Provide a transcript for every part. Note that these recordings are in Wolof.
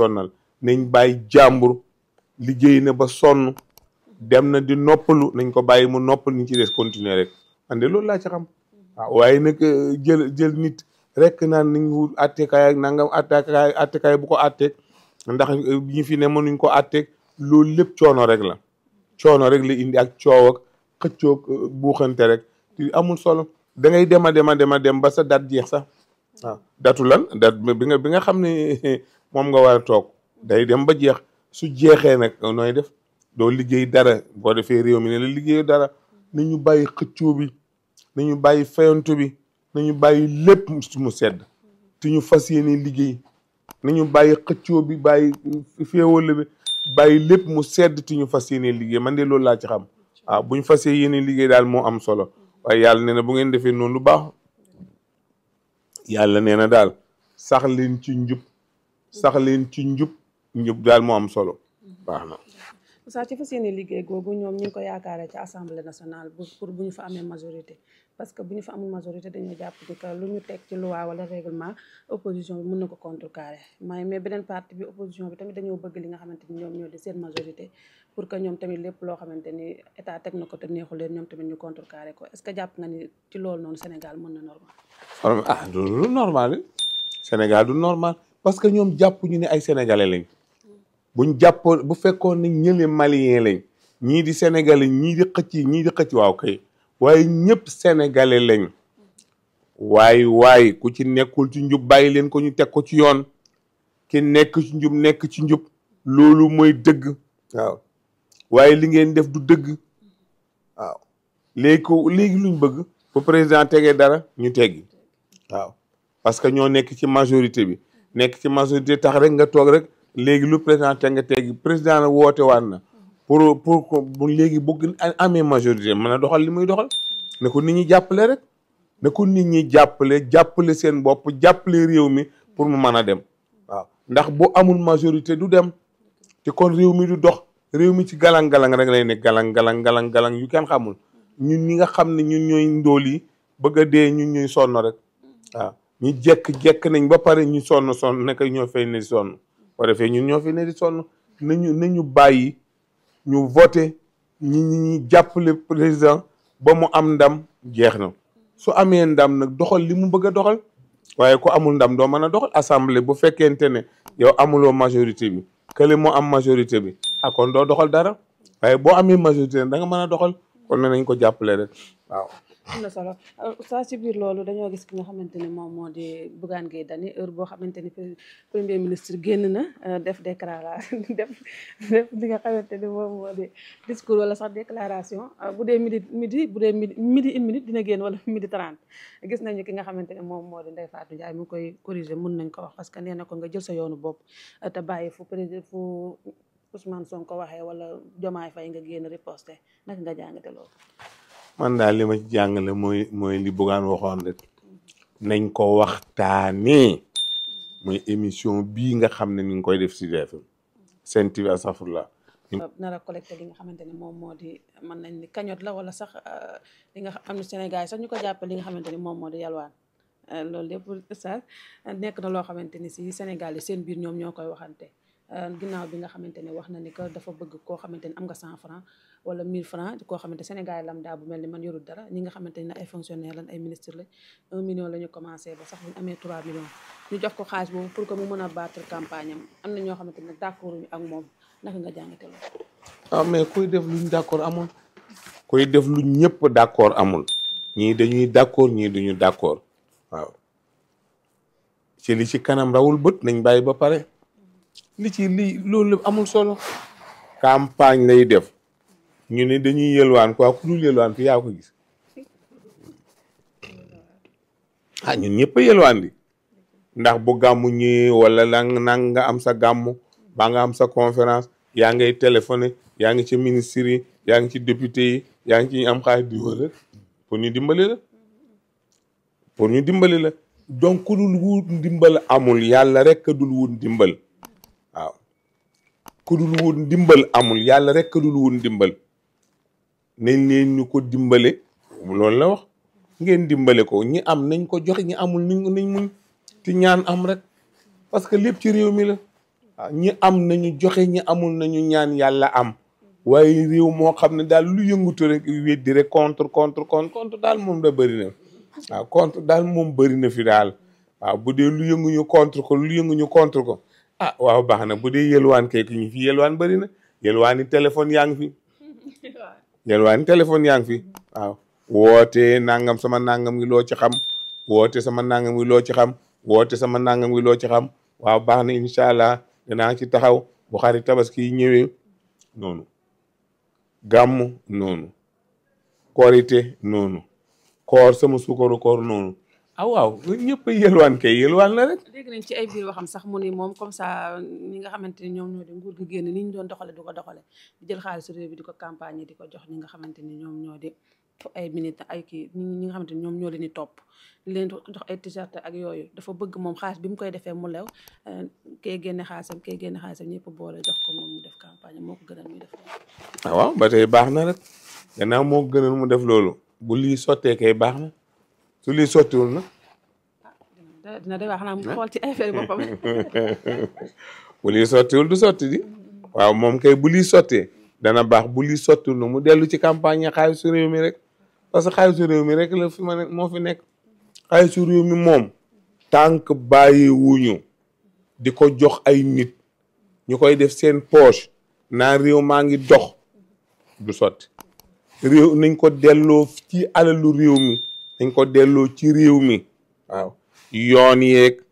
sonnal nañ bàyyi jàmbur liggéey na ba sonn dem na di noppalu nañ ko bàyyi mu noppal ñu ci des continuer rek ande loolu laa ci xam waaw waaye nag euh, jël jël nit rek naan nañ wut attekaay ak nangam attekaay bu ko atteeg ndax euh, ñi fi ne mënuñ ko atteeg loolu lépp coono rek la coono rek la indi ak coow ak xëccoog euh, rek te amul solo da ngay dem a dem a dem ba sa date jeex sax datu lan date xam ne moom nga war toog day dem ba jeex su jeexee nag nooy def doo liggéey dara boo defee réew mi ne la dara nu ñu bàyyi xëccoo bi na ñu bàyyi fayantu bi na ñu bàyyi sedd te ñu fas yéene liggéey na ñu bàyyi xëccoo bi bàyyi féewale bi bàyyi lépp mu sedd te ñu fas yéene liggéey man de loolu laa ci xam waaw ah, bu ñu fas yéene liggéey daal moo am solo waaye yàlla nee na bu ngeen defee noonu lu baax yàlla nee na daal sax leen sax leen ci njub njub daal moo am solo baax na saa ci fas yéene liggéey googu ñoom ñu ngi ko yaakaare ci assemblée nationale pour bu ñu fa amee majorité parce que bu ñu fa amul majorité dañu jàpp ni que lu ñu teg ci loi wala règlement opposition bi mën na ko contrecarrer mais mais beneen parti bi opposition bi tamit dañoo bëgg li nga xamante ni ñoom ñoo di seen majorité pour que ñoom tamit lépp loo xamante ni état teg na ko te neexu leen ñoom tamit ñu contrecarrer ko est-ce que jàpp nga ni ci loolu noonu Sénégal mën na normal ah du Sénégal du normal parce que ñoom jàpp ñu ne ay sénégalais lañ buñ jàppoon bu fekkoon ne ñële malien lañ ñii di sénégalais ñii di xëcc ñii di xëcc waaw kay waaye ñëpp sénégalais lañ waaye waaye ku ci nekkul ci njub bàyyi leen ko ñu teg ko ci yoon ki nekk ci njub nekk ci njub loolu mooy dëgg waaw waaye li ngeen def du dëgg waaw léegi ko léegi luñ bëgg bu président tegee dara ñu teggi waaw parce que ñoo nekk ci majorité bi nekk ci majorité tax rek nga toog rek léegi lu président te nga teegi président woote waat na pour pour bu léegi bëgg amee majorité mën a doxal li muy doxal ne ko nit ñi jàppale rek ne ko nit ñi jàppale jàppale seen bopp jàppale réew mi pour mu mën a dem waaw ndax bu amul majorité du dem te kon réew du dox réew mi ci galang-galang rek lay ne galang-galang galang-galang yu kenn xamul ñun ñi nga xam ne ñun ñooy ndóol yi bëgg a dee ñuy sonn rek waaw ñu jekk-jekk nañ ba pare ñu sonn sonn nekk ñoo fay ne sonn boo ñun ñoo fay ne di sonn nañu nañu bàyyi ñu voté ñi ñi jàppale président ba mu am ndam jeex na su amee ndam nag doxal li mu bëgg a doxal waaye ku amul ndam doo mën a doxal assemblée bu fekkente ne yow amuloo majorité bi kële mu am majorité bi akon ah, doo doxal dara waaye boo amee majorité da nga mën a doxal kon ne nañ ko jàppale rek waaw am na solo euh, saa ci biir loolu dañoo gis ki nga xamante ne moom moo di Bougane Gueye Dany heure boo xamante ni premier ministre génn na euh, def déclaration def def li nga xamante ni moom moo di discours wala sax déclaration euh, bu dee midi midi bu dee midi midi une minute dina génn wala midi trente gis nañu ki nga xamante ne moom moo di Ndeye Fatou Ndiaye mu koy corriger mun nañ ko wax parce que nee na ko nga jël sa yoonu bopp te bàyyi fu président fu Ousmane Sonko waxee wala Diomaye Faye nga génn riposté naka nga jàngate loolu man daal lima ma ci mooy mooy li Bougane waxoon rek nañ ko waxtaanee mooy émission bii nga xam ne mi ngi koy def ci RFM Sen TV Asafurlah nar a collecté li nga xamante ne moom moo di mën nañ ni cagnotte la wala sax euh, li nga xam ne Sénégal sax ñu ko jàppale li nga xamante ni moom moo di yalwaan euh, loolu lépp sax nekk na loo xamante ni si Sénégal yi seen biir ñoom ñoo koy waxante euh, ginnaaw bi nga xamante ne wax na ni que dafa bëgg koo xamante ni am nga cent francs wala 1000 francs koo xamante Sénégal lam daa bu mel ni man yorul dara ñi nga xamante ne ay fonctionnaire lañ ay ministre lañ 1 la ñu commencé ba sax bu ñu amee 3 millions ñu jox ko xaalis boobu pour que mu mën a battre campagne am am na ñoo xamante ne d'accord ñu ak moom naka nga jàngate loolu ah mais kuy def luñ d'accord amul kuy def lu ñëpp d'accord amul ñii dañuy d'accord ñii duñu d'accord waaw ci li ci kanam rawul bët nañ bàyyi ba pare li ci lii loolu amul solo campagne lay def ñu ne dañuy yëlwaan quoi ku dul yëlwaan ku yaa ko gis a ah, ñun ñëpp a di ndax bu gàmmu ñëwee wala nang nga am sa gàmmu baa nga am sa conférence yaa ngay téléphone yaa ngi ci ministre yi yaa ngi ci député yi yaa ngi ci am xaalis di wër pour ñu dimbali la pour ñu dimbali la donc ku dul wut dimbal amul yàlla rek ka dul wut dimbal amul yàlla rek ka dul nañ ni ñu ko dimbale loolu la wax ngeen dimbale ko ñi am nañ ko joxe ñi amul nañ nañ muñ te ñaan am rek parce que lépp ci réew mi la ah, ñi am nañu joxe ñi amul nañu ñaan yàlla am waaye réew moo xam ne daal lu yëngatu rek weddi rek contre contre contre contre daal moom da bëri na waaw ah, contre daal moom bëri na fi daal waaw ah, bu dee lu yëngu ñu contre ko lu yëngu ñu contre ko a waaw baax na bu dee yelwaan kay ku ñu fi yelwaan bëri na yelwaan yi téléphone yaa ngi fi yelwaan téléphone yaa ngi fi waaw woote nangam sama nangam ngi loo ci xam woote sama nangam ngi loo ci xam woote sama nangam ngi loo ci xam waaw baax na incha allah danaa ci taxaw bu xarit tabaski yi ñëwee noonu gàmm noonu korite noonu kor sama suukaru kor noonu ah waaw ñëpp a yëlwaan kay yëlwaan la rek. dégg nañ ci ay biir waxam sax mu ni moom comme ça ñi nga xamante ni ñoom ñoo di nguur gi génn ni ñu doon doxale du ko doxale di jël xaalisu réew bi di ko campagne di ko jox ñi nga xamante ni ñoom ñoo di ay minute ay kii ñi nga ni ñoom ñoo leen di topp leen jox ay t-shirt ak yooyu dafa bëgg moom xaalis bi mu koy defee mu lew eh, kee génne xaalisam kee génne xaalisam ñëpp boole jox ko moom mu def campagne moo ko gënal muy def ah waaw ba baax na rek gannaaw moo ko gënal mu def loolu bu lii sottee kay baax na su lii sottiwul na. Ah, dina de xanaa mu xool ci affaire sottiwul du sotti di. waaw moom kay bu li sottee dana baax bu sotti sottiwul na mu dellu ci campagne yi xaalisu réew mi rek parce que xaalisu réew mi rek la fi ma ne moo fi nekk. xaalisu réew mi moom. tànk bàyyi wuñu di ko jox ay nit. ñu koy def seen poche. naan réew maa ngi dox. du sotti. réew nañ ko delloo ci alalu réew mi. dañ ko delloo ci réew mi waaw yoon yeeg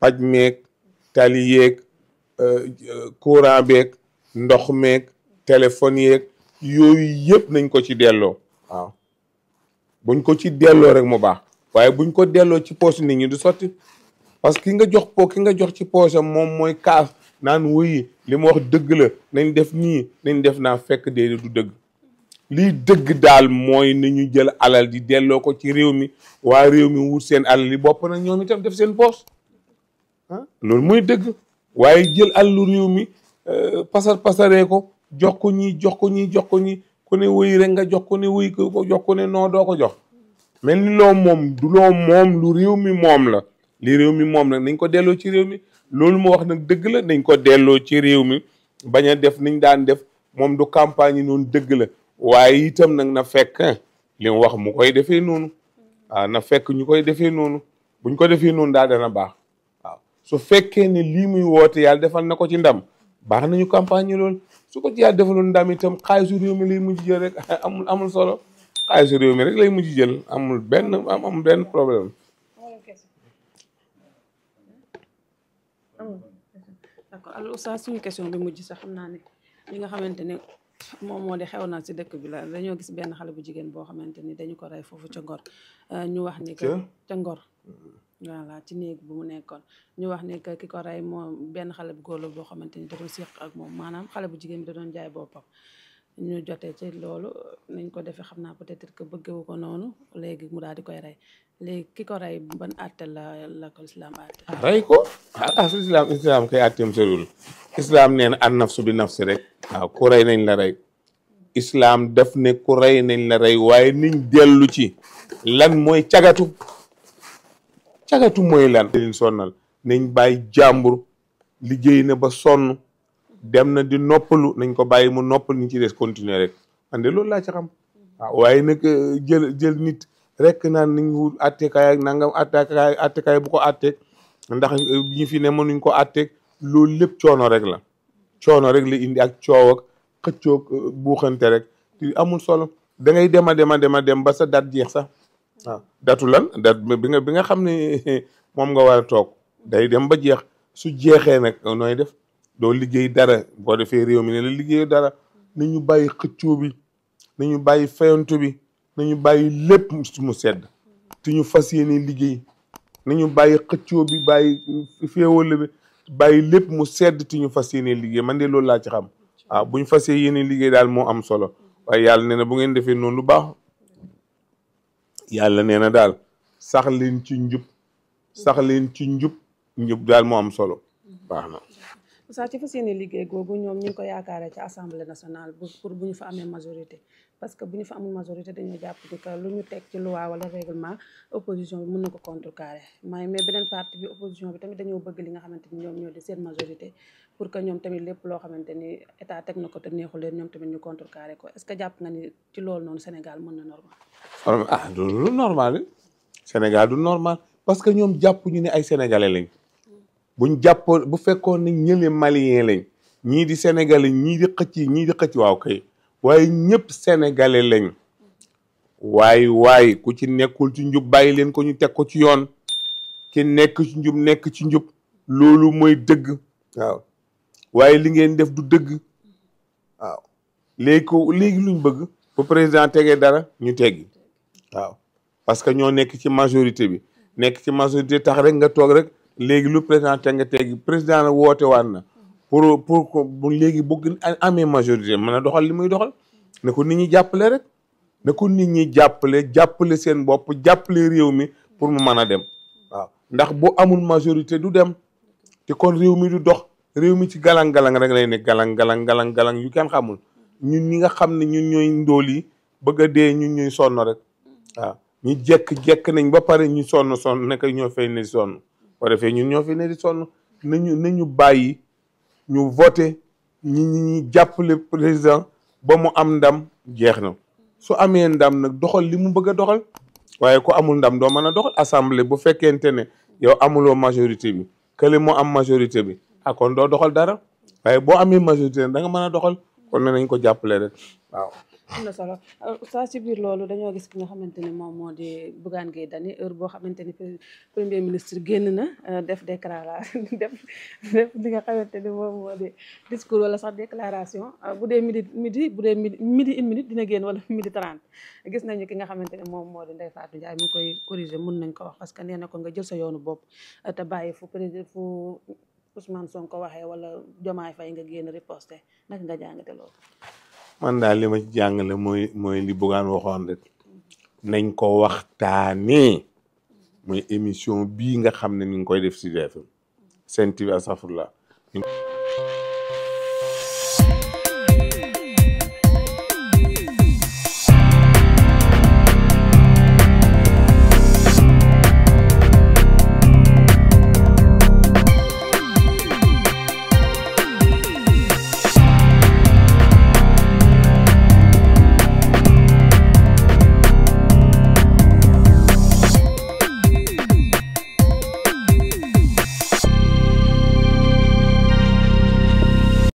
paj meek tali yeeg euh, courant beek ndox meek téléphone yeeg yooyu yëpp nañ ko ci delloo waaw buñ ko ci delloo rek mu baax waaye buñ ko delloo ci poche nit ñi du sotti parce que ki nga jox ki nga jox ci poche am moom mooy kaas naan wuyi li ma wax dëgg la nañ def nii nañ def naa fekk déedéet du dëgg li dëgg daal mooy na ñu jël alal di delloo ko ci réew mi waa réew mi wut seen alal yi bopp nag ñoom itam def seen poos ah loolu mooy dëgg waaye jël alalu réew mi euh, pasar pasaree ko jox ko ñii jox ko ñii jox ko ñii ku ne wëy rek nga jox ko ne ne noo doo ko jox mel ni loo moom du loo moom lu réew mi moom la li réew mi moom nag nañ ko delloo ci réew mi loolu mu wax nag dëgg la nañ ko delloo ci réew mi bañ a def niñ daan def moom du campagne yi noonu dëgg la waaye itam nag na fekk li mu wax mu koy defee noonu waaw ah, na fekk ñu koy defee noonu buñ ko defee noonu daal a baax waaw su fekkee ne lii muy woote yàlla defal na ko ci ndam baax nañu campagne yi loolu su ko ci yàlla defaloon ndam itam xaalisu réew mi lay mujj jël amul amul solo xaalisu mi rek lay mujj jël amul benn amul benn problème d'accord alors oustaz suñu question moom moo di xew na ci dëkk bi la dañoo gis benn xale bu jigéen boo xamante ni dañu ko rey foofu ca Ngor euh, ñu wax ni que ca Ngor voilà ci néeg bu mu nekkoon ñu wax ni que ki ko rey moom benn xale bu góor la boo xamante ni da doon séq ak moom maanaam xale bu jigéen bi da doon jaay boppam ñu jotee ci loolu nañ ko defee xam naa peut-être que bëggewu ko noonu léegi mu daal di koy rey léegi ki ko rey ban àtte la la ko islam àtte. rey ko ah, ah islam islam kay àtteem soriwul islam nee na an nafsu bi nafsi rek. waaw ah, ku rey la rey. islam daf ne ku rey la rey waaye niñ dellu ci. lan mooy cagatu. cagatu moy lan. leen sonnal nañ bàyyi jàmbur liggéey na ba sonn dem na di noppalu nañ ko bàyyi mu noppal ñu ci des continuer rek man de loolu laa ci xam. waaw ah, waaye nag eh, nit. rekk naan ni ñu attekaay ak nangam attekaay attekaay bu ko atteeg ndax ñi fi ne mënuñ ko atteeg loolu lépp coono rek la coono rek la indi ak coow ak xëccoog euh, buuxante rek te amul solo da ngay dem a dem a dem a dem ba sa date jeex sax waaw datu lan date bi nga bi nga xam ne moom nga war a toog day dem ba jeex su jeexee nag nooy def doo liggéey dara boo defee réew mi ne la liggéey dara na ñu bàyyi xëccoo bi na ñu bàyyi fayantu bi nañu bàyyi lépp mu sedd ti ñu fas yéene liggéey nañu bàyyi xëccoo bi bàyyi féewale bi bàyyi lépp mu sedd te ñu fas yéene liggéey man de loolu laa ci xam waaw bu ñu fas yéene liggéey daal moo am solo waaye yàlla nee na bu ngeen defee noonu lu baax yàlla nee na daal sax leen ci njub sax leen ci njub njub daal mu am solo baax na Moussa ci fas yéene liggéey googu ñoom ñu ngi yaakaar yaakaaree ci assemblée nationale pour bu ñu fa amee majorité parce que bu ñu fa amul majorité dañoo jàpp ni que lu ñu teg ci loi wala règlement opposition bi mën na ko contrecarrer mais mais beneen parti bi opposition bi tamit dañoo bëgg li nga xamante ni ñoom ñoo di seen majorité pour que ñoom tamit lépp loo xamante ni état teg na ko te neexu leen ñoom tamit ñu contrecarrer ko est ce que jàpp nga ni ci loolu noonu Sénégal mën na normal. ah du normal Sénégal du normal parce que ñoom jàpp ñu ne ay sénégalais lañ. buñ jàppoon bu fekkoon ne ñële malien lañ ñii di sénégalais ñii di xëcc ñii di xëcc waaw kay waaye ñëpp sénégalais lañ waaye waaye ku ci nekkul ci njub bàyyi leen ko ñu teg ko ci yoon ki nekk ci njub nekk ci njub loolu mooy dëgg waaw waaye li ngeen def du dëgg waaw léegi ko léegi luñ bëgg bu président tegee dara ñu teggi waaw parce que ñoo nekk ci majorité bi nekk ci majorité tax rek nga toog rek léegi lu président te nga tegi président na woote waan na pour pour que léegi bëgg amee majorité mën a doxal li muy doxal ne ko nit ñi jàppale rek ne ko nit ñi jàppale jàppale seen bopp jàppale réew mi pour mu mën a dem waaw ndax boo amul majorité du dem te kon réew mi du dox réew mi ci galang-galang rek lay ne galang-galang galang-galang yu kenn xamul ñun ñi nga xam ne ñun ñooy ndóol yi bëgg a dee ñun ñooy sonn rek waaw ñu jekk jekk nañ ba pare ñu sonn sonn nekk ñoo fay ne sonn ko defee ñun ñoo fi ne di sonn nañu nañu bàyyi ñu voté ñi ñi jàppale président ba mu am ndam jeex na su amee ndam nag doxal li mu bëgg a doxal waaye ko amul ndam doo mën a doxal assemblée bu fekkente ne yow amuloo majorité bi kële mu am majorité bi ah kon doo doxal dara waaye boo amee majorité da nga mën a doxal kon ne nañ ko jàppale rek waaw am na solo saa euh, ci biir loolu dañoo gis ki nga xamante ne moom moo di Bougane Gueye Dany heure boo xamante ni premier ministre génn na euh, def déclaration def def li nga xamante ni moom moo wala sax déclaration euh, bu dee midi midi bu dee midi midi une dina génn wala midi trente gis nañu ki nga xamante ne moom moo di Ndeye Fatou Ndiaye mu koy corriger mun nañ ko wax parce que nee na ko nga jël sa yoonu bopp te bàyyi fu président fu Ousmane Sonko waxee wala Diomaye Faye nga génn riposté naka nga jàngate loolu man daal li ma ci jàngale mooy mooy li Bougane waxoon rek nañ ko waxtaanee mooy émission bii nga xam ne ñu ngi koy def ci DFM Sen TV